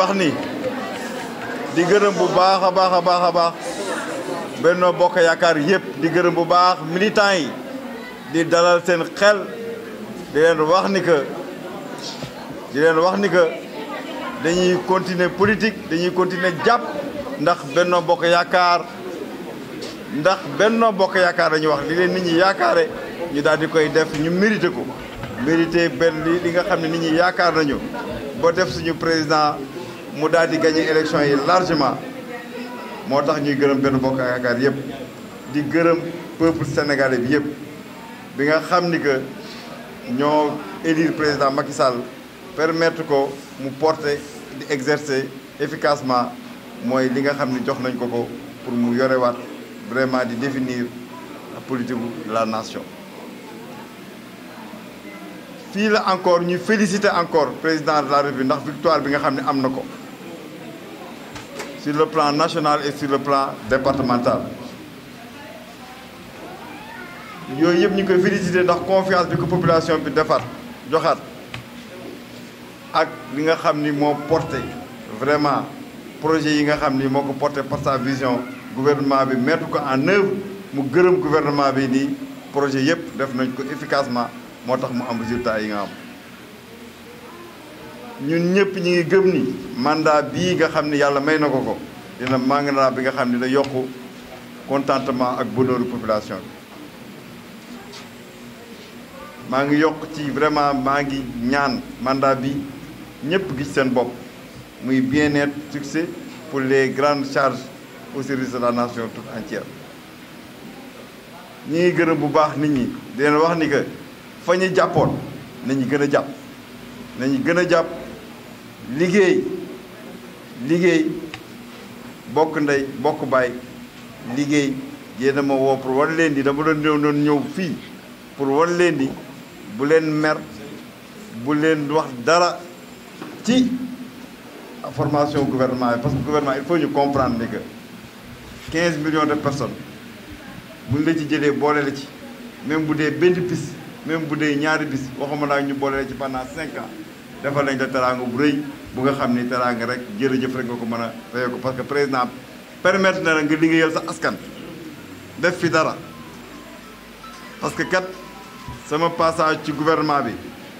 wax ni di gërëm bu baax a baax a baax a baax Benno Bokk Yaakaar yëpp di gërëm bu baax militants yi di dalal seen xel di leen wax ni que di leen wax ni que dañuy continuer politique dañuy continuer jàpp ndax Benno Bokk Yaakaar ndax Benno Bokk Yaakaar dañuy wax li leen nit ñi yaakaare ñu daal di koy def ñu mérité ko mérité benn li nga xam ne nit ñi yaakaar nañu ba def suñu président mu di gagné largement di peuple sénégalais que président Macky Sall permettre ko porter exercer efficacement li nga pour mu vraiment di définir la politique de la nation. Nous encore ñu féliciter encore président de la République ndax victoire bi nga xamni sur le plan national et sur le plan départemental Nous yëpp ñu de la confiance de la population bi de la ak li nga xam ni porté vraiment projet yi nga xam porté par sa vision gouvernement mais mettre en œuvre le gouvernement bi le projet est def nañ ko efficacement moo tax mu am résultat ñun ñëpp ñi ngi gëm ni mandat bii nga xam ni yàlla may na ko ko dina mandat bi nga xam ni da yokk contentement ak bonheuru population bi maa ngi yokk ci vraiment maa ngi ñaan mandat bi ñëpp gis seen bopp muy bien-être succès pour les grandes charges au service de la nation toute entière ñi ngi gërëm bu baax nit ñi di wax ni que fa ñu jàppoon nañu gën a jàpp nañu gën a jàpp liggéey liggéey bokk ndey bokk baay liggéey yéena ma woo pour wan leen di dama doon ñëw doon ñëw fii pour wan leen di bu leen mer bu leen wax dara ci formation gouvernement bi parce que gouvernement il faut ñu comprendre ni quinze 15 millions de personnes buñ la ci jëlee boole la ci même bu dee benn bis même bu dee ñaari bis waxuma naa ñu boole la ci pendant cinq ans defal nañ la teraanga bu rëy. bu nga xam ni teraanga rek jërëjëf rek nga ko mën a fayee ko parce que président permettre na la nga liggéeyal sa askan def fi dara parce que kat sama passage ci gouvernement bi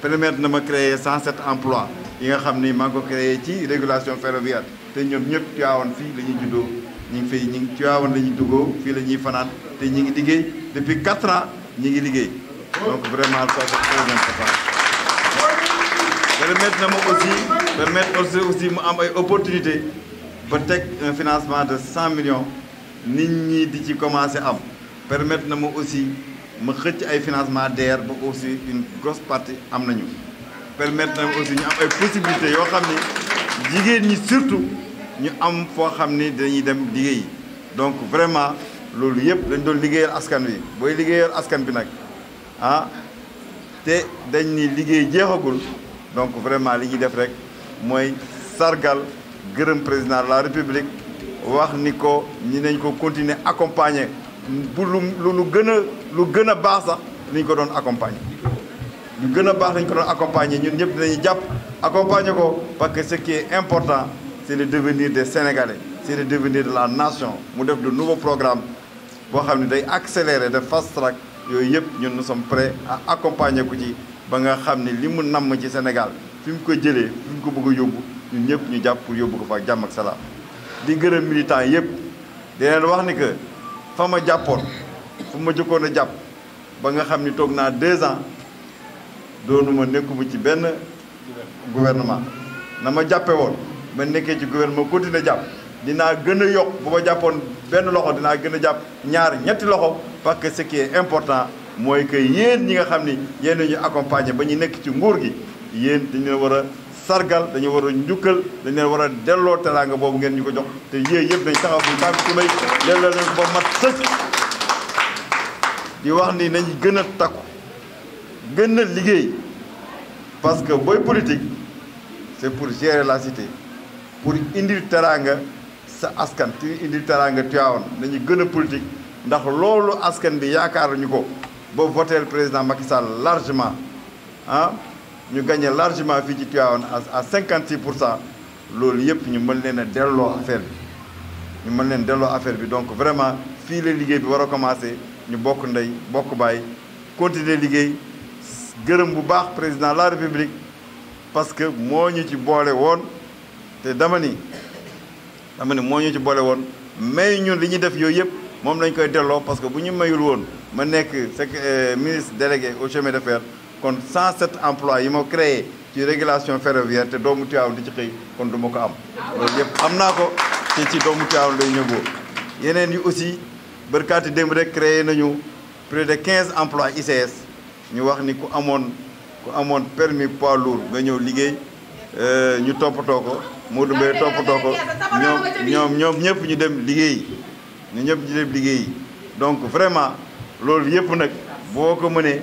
permettre na ma créer 107 emplois yi nga xam ni maa ngi ko créé ci régulation ferroviaire te ñoom ñëpp Tivaouane fii la ñuy juddoo ñu ngi fay ñu ngi Tivaouane la ñuy duggoo fii la ñuy fanaan te ñu ngi liggéey depuis 4 ans ñi ngi liggéey donc vraiment ça c'est très na ma aussi permettre aussi aussi mu am ay opportunité ba teg un financement de 100 millions nit ñi di ci commencé am permettre na ma aussi ma xëcc ay financement DER ba aussi une grosse partie am nañu permettre na aussi ñu am ay possibilités yoo xam ni jigéen ñi surtout ñu am foo xam ni dañuy dem liggéeyi donc vraiment loolu yëpp dañ doon liggéeyal askan bi booy liggéeyal askan bi nag ah te dañ ni liggéey jeexagul donc vraiment li ñuy def rek mooy sargal gërëm président de la république wax ni ko ñi nañ ko continuer accompagner bu lu lu gën lu gën baax sax li ko doon accompagner lu gën baax lañ ko doon accompagner ñun ñëpp dinañu japp accompagner ko parce que ce qui est important c'est le devenir des Sénégalais c'est le devenir de la nation mu def de nouveaux programmes bo xamni day accélérer de fast track yooyu yëpp ñun nous sommes prêts à accompagner ko ci ba nga xamni limu nam ci Sénégal fi mu ko jëlee fi ko bëgg a yóbbu ñun ñëpp ñu jàpp pour yóbbu ko fa ak jàmm ak salaam di gërëm militant yëpp di leen wax ni que fa ma jàppoon fu ma jokkoon a jàpp ba nga xam ni toog naa an doonu ma nekkuma ci benn gouvernement na ma jàppe woon ma nekkee ci gouvernement continuer jàpp dinaa gën a yokk bu ma jàppoon benn loxo dinaa gën a jàpp ñaar ñetti loxo parce que ce qui important mooy que yéen ñi nga xam ni yéen ñu accompagner ba ñu nekk ci nguur gi yéen dañu leen war a sargal dañu war a njukkal dañu leen war a delloo teraanga boobu ngeen ñu ko jox te yéen yëpp nañ taxaw bu baax ci may delloo leen ba mat sëkk di wax ni nañ gën a takku gën a liggéey parce que booy politique c'est pour gérer la cité pour indil teraanga sa askan ci indi teraanga Tivaouane nañu gën a politique ndax loolu askan bi yaakaaruñu ko ba voter président Macky Sall largement ah ñu gagné largement fii ci Tivaouane à 56 pour cent loolu yëpp ñu mën leen a delloo affaire bi ñu mën leen delloo affaire bi donc vraiment fii la liggéey bi war a commencé ñu bokk ndey bokk baay continuer liggéey gërëm bu baax président la république parce que moo ñu ci boole woon te dama ni dama ni moo ñu ci boole woon may ñun li ñuy def yooyu yëpp moom lañ koy delloo parce que bu ñu mayul woon ma nekk sec euh, ministre délégué au chemin de fer kon 107 emplois yi ma créé ci régulation ferroviaire te doomu Tivaouane di ci xëy kon du ma ko am loolu yëpp am naa ko te ci doomu Tivaouane lay ñëwoo yeneen yi aussi bërkaati démb rek créé nañu près de 15 emplois ICS ñu wax ni ku amoon ku amoon permis poids lourd nga ñëw liggéey euh, ñu toppatoo ko Modou Mbaye toppatoo ko ñoom ñoom ñoom ñëpp ñu dem liggéey ñu ñëpp ñu dem liggéey donc vraiment loolu yëpp nag boo ko mënee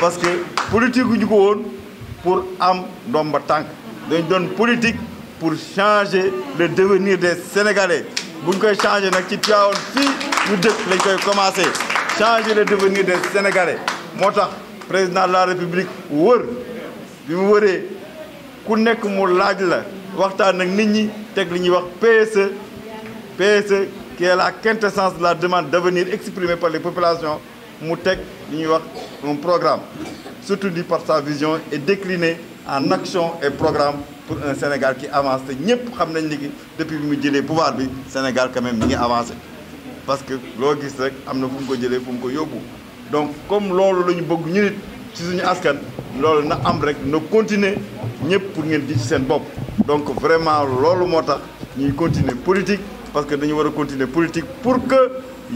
parce que politique gu woon pour am domba tank dañ donne politique pour changer le devenir des sénégalais buñ koy changer nak ci Tivaouane fi ñu dëkk lañ koy commencer changer le devenir des sénégalais motax le président de la république wër bi mu wëree ku nekk mu laaj la waxtaan ak nit ñi teg li ñuy wax PSE PSE qui est la quintessence de la demande d'avenir exprimée par les populations mu teg li un programme soutenu par sa vision et décliné en action et programme pour un Sénégal qui avance xam depuis bi mu pouvoir le Sénégal quand même avancé parce que loo gis rek am na donc comme nous avons ñu bëgg ñu avons ci suñu askan continuer pour ngeen di donc vraiment nous continuons tax continuer politique parce que nous devons continuer politique pour que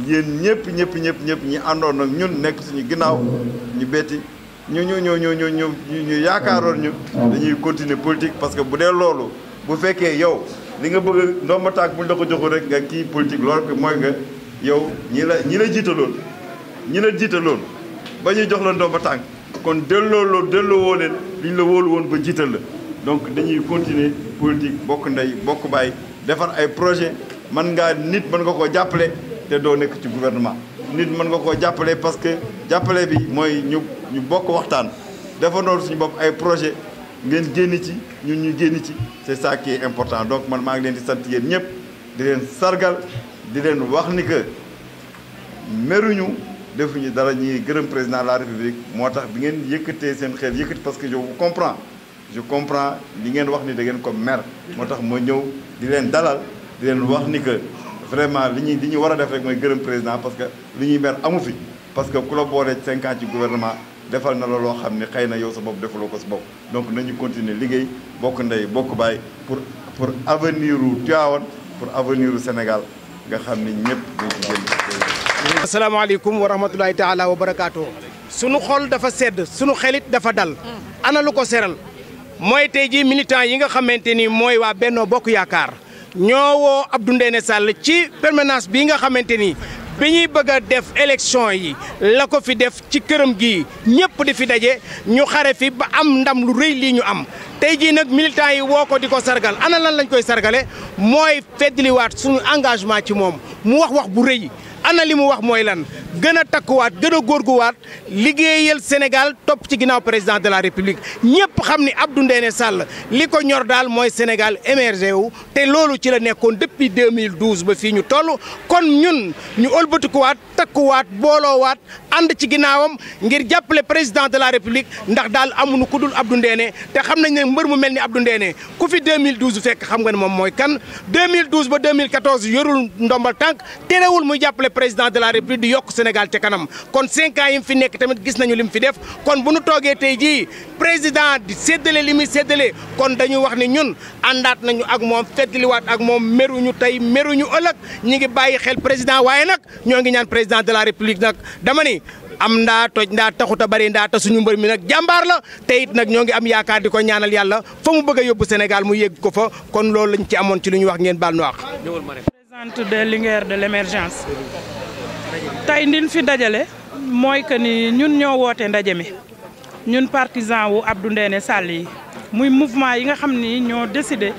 yéen ñëpp ñëpp ñëpp ñëpp ñi àndoon ak ñun nekk suñu ginnaaw ñu betti ñu ñu ñu ñu ñu ñu ñu yaakaaroon ñu dañuy continuer politique parce que bu dee loolu bu fekkee yow li nga bëgg ndomba tànk bu ñu ko joxul rek nga kii politique loolu mooy nga yow ñii la ñi la jiitaloon ñi la jiitaloon ba ñuy jox la ndomba tànk kon delloo loo delloo woo leen li ñu la wóolu woon ba jiital la donc dañuy continuer politique bokk ndey bokk baay defar ay projet man nga nit mën nga koo jàppale te do nek ci gouvernement nit man nga ko jappalé parce que jappalé bi moy ñu ñu bokk waxtaan defandoo suñu bopp ay projet ngeen génn ci ñun ñu génn ci c'est ça qui est important donc man maa ngi leen di sant yeen ñep di leen sargal di leen wax ni que meruñu defuñu dara ñi gërëm président de la république motax bi ngeen yëkëté seen xel yëkëti parce que je vous comprends je comprends li ngeen wax ni da ngeen ko mer motax mo ñëw di leen dalal di leen wax ni que vraiment li ñuy li ñu war def rek mooy gërëm président parce que li ñuy mer amu fi parce que ku la boole cinq ans ci gouvernement defal na la loo xam ne xëy na yow sa bopp defaloo ko sa bopp donc nañu continuer liggéey bokk ndey bokk baay pour pour avenir u Tivaouane pour avenir u Sénégal nga xam ne ñëpp dañ ci Assalamu asalaamaaleykum wa rahmatullahi taala wa barakaatu. sunu xol dafa sedd sunu xelit dafa dal. ana lu ko seral moy tey jii militant yi nga xamanteni moy wa Benno Bokk yakar ñoo woo Abdou Ndéné Sall ci permenance bi nga xamante ni bi ñuy bëgg a def élection yi la ko fi def ci këram gi ñëpp di fi daje ñu xare fi ba am ndam lu rëy lii ñu am. tey jii nag militant yi woo ko di ko sargal ana lan lañ koy sargale mooy feddliwaat suñu engagement ci moom mu wax wax bu rëy. ana li mu wax mooy lan gën a takkuwaat gën a góorguwaat liggéeyal Sénégal topp ci ginnaaw président de la république ñëpp xam ni Abdou Ndéné Sall li ko ñor daal mooy Sénégal mrg wu te loolu ci la nekkoon depuis 2012 ba fii ñu toll kon ñun ñu ëlbatikuwaat takkuwaat booloowaat ànd ci ginnaawam ngir jàppale président de la république ndax daal amuñu ku dul Abdou Ndéné te xam nañ ne mbër mu mel ni Abdou Ndéné ku fi 2012 fekk xam nga ne moom mooy kan 2012 ba 2014 yorul ndombal tànk terewul muy jàppale président de la république di yokk Sénégal ca kanam kon 5 ans fi nekk tamit gis nañu li fi def kon bu nu toogee tey jii président di séddale li muy séddale kon dañuy wax ne ñun àndaat nañu ak moom fettaliwaat ak moom meruñu tey meruñu ëllëg ñi ngi bàyyi xel président waaye nag ñoo ngi ñaan président de la république nag dama ni am ndaa toj ndaa taxuta bari ndaa ta suñu mbër mi nag jàmbaar la teyit nag ñoo ngi am yaakaar di ko ñaanal yàlla fa mu bëgg yóbbu Sénégal mu yegg ko fa kon loolu lañ ci amoon ci lu ñu wax ngeen baal nu wax présidente de Linguère de l'émergence tey ndin fi dajale mooy que ni ñun ñoo wootee ndaje mi ñun partisan wu Abdou Ndéné Sall yi muy mouvement yi nga xam ni ñoo décidé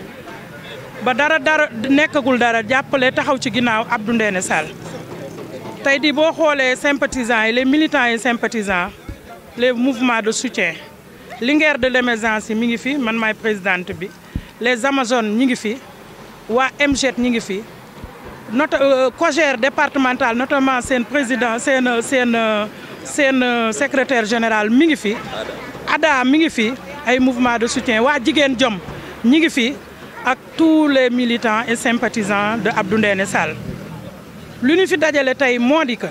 ba dara dara nekkagul dara jàppale taxaw ci ginnaaw Abdou Ndéné Sall tey di boo sympathisants et les militants et sympathisants les mouvements de soutien l'ingère de l'émergence yi mi ngi fi man maay présidente les amazones ñi ngi fi waa MGET ñi ngi fi note euh, cogère départemental notamment seen président c'est seen secrétaire général mi ngi fi ADA mi ngi fi ay mouvement de soutien waa Jigéen Jom ñi ngi fi ak tous les militants et sympathisants de Abdou Nessal lu ñu fi dajale tey moo di ko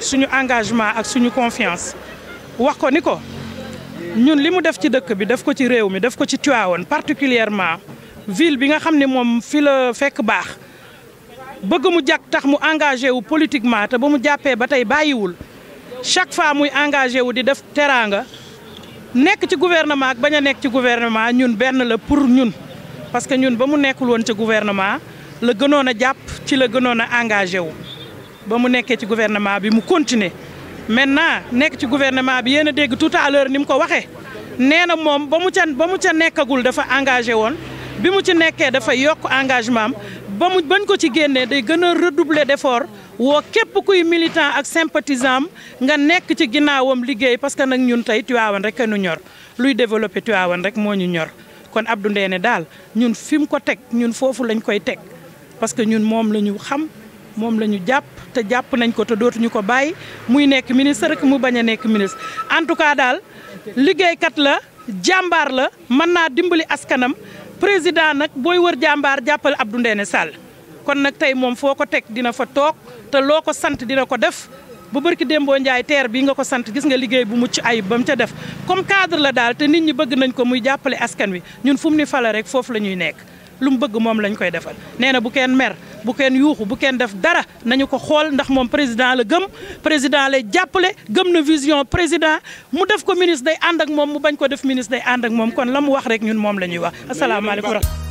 suñu engagement ak suñu confiance wax ko ni ko ñun li mu def ci dëkk bi def ko ci réew mi def ko ci Tivaouane particulièrement ville bi nga xam ne moom fi la fekk baax bëgg mu jàk tax mu engagé wu politiquement te ba mu jàppee ba tey bàyyiwul chaque fois muy engagé wu di def teraanga nek ci gouvernement ak baña nek ci gouvernement ñun benn la pour ñun parce que ñun ba mu nekkul woon ci gouvernement le gënon na japp ci la gënoon engagé wu ba mu nekkee ci gouvernement bi mu continuer maintenant nekk ci gouvernement bi yena a dégg tout à l'heure nim ko waxé néna mom moom ba mu ca ba mu ca nekkagul dafa engagé won bi mu ci nekké dafa yok engagement am ba mu bañ ko ci génnee day gën redoubler d'effort wo képp kuy militant ak sympathisant nga nekk ci ginaawam liggéey parce que nak ñun tay tuawan rek ñu ñor luy développer tuawan rek moo ñu ñor kon Abdou ndéne dal ñun fim ko teg ñun fofu lañ koy teg parce que ñun moom la ñu xam moom la ñu jàpp te jàpp nañ ko te dootuñu ko bàyyi muy nekk ministre rek mu bañ a nekk ministre en tout cas daal liggéeykat la jàmbaar la mën naa dimbali askanam président nag booy wër jàmbaar jàppal Abdou Ndéné Sall kon nag tey moom foo ko teg dina fa toog te loo ko sant dina ko def bu barki Dembo Ndiaye teer bi nga ko sant gis nga liggéey bu mucc ayib ba mu ca def comme cadre la daal te nit ñi bëgg nañ ko muy jàppale askan wi ñun fu mu ni rek foofu la ñuy nekk lu mu bëgg moom lañ koy defal nee na bu kenn mer bu kenn yuuxu bu kenn def dara nañu ko xool ndax moom président la gëm président lay jàppale gëm na vision président mu def ko ministre day ànd ak moom mu bañ ko def ministre day ànd ak moom kon la mu wax rek ñun moom la ñuy wax asalaamaaleykum